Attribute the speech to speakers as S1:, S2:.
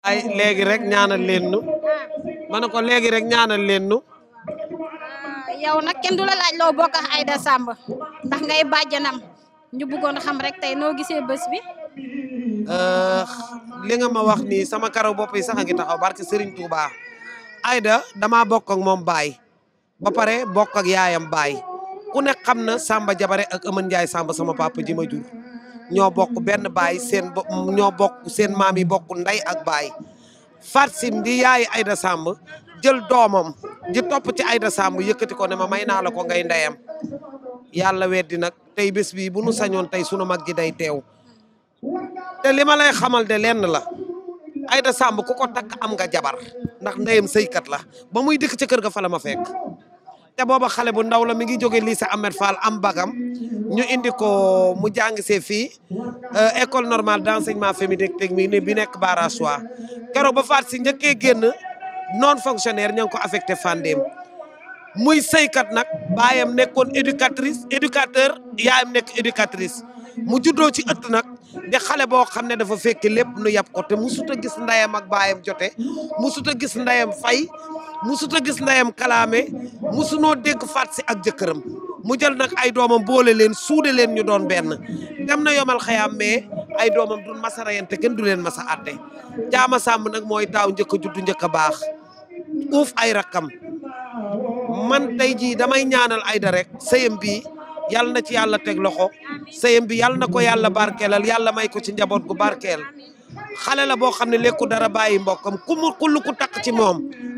S1: ay léegi rek ñaanal leen nu ma ne ko léegi rek ñaana leen nu ah, yow nag kenn du la laaj loo bokk ak Aida Samb ndax ngay bàjjanam ñu bëggoon xam rek tey noo gisee bés bi eh, li nga ma wax ni sama karaw bopp yi sax a ngi taxaw barke Serigne Touba ayda dama bokk ak moom baay ba pare bokk ak yaayam baay ku nekk xam na Samba Jabare ak Aman Njaay Samba sama papa ji ma ñoo bokk benn baay seen ñoo bokk seen maam yi bokk ndey ak baay Fatou Sim di yaay ayda Samb jël doomam ji topp ci Aïda Samb yëkkati ko ne ma may naa la ko ngay ndeyam yàlla weddi nag tey bés bii bu nu sañoon tey sunu mag ji day teew te li ma xamal de lenn la ayda Samb ku ko takk am nga jabar ndax ndeyam sëykat la ba muy dëkk ci kër ga fa la ma fekk te booba xale bu ndaw la mi ngi jóge lycée Ahmed Fall am bagam ñu indi ko mu jàng see fii euh, école normale d'enseignement féminin technique bi nekk Barachois keroog ba faat si njëkkee génn non fonctionnaire ña ko affecté Fandem muy sëykat nag baayam nekkoon éducatrice éducateur yaayam nekk éducatrice mu juddoo ci ëtt nag di xale boo xam ne dafa fekk lépp nu yab ko te musut a gis ndeyam ak baayam jote musut a gis ndeyam fay musut a gis ndeyam kalaame musunoo dégg faat si ak jëkkëram mu jël nag ay doomam boole leen suude leen ñu doon benn dem na yomal xayaam mais ay doomam du masa rayante kenn du leen masa àtte jaama sàmm nag mooy taaw njëkk juddu njëkk a baax uuf ay rakkam man tey jii damay ñaanal Aida rek sëyam bi yàlla na ci yàlla teg loxo sëyam bi yàlla na ko yàlla barkeelal yàlla may ko ci njaboot gu barkeel xale la boo xam ne lekku dara bàyyi mbokkam ku ku takk ci moom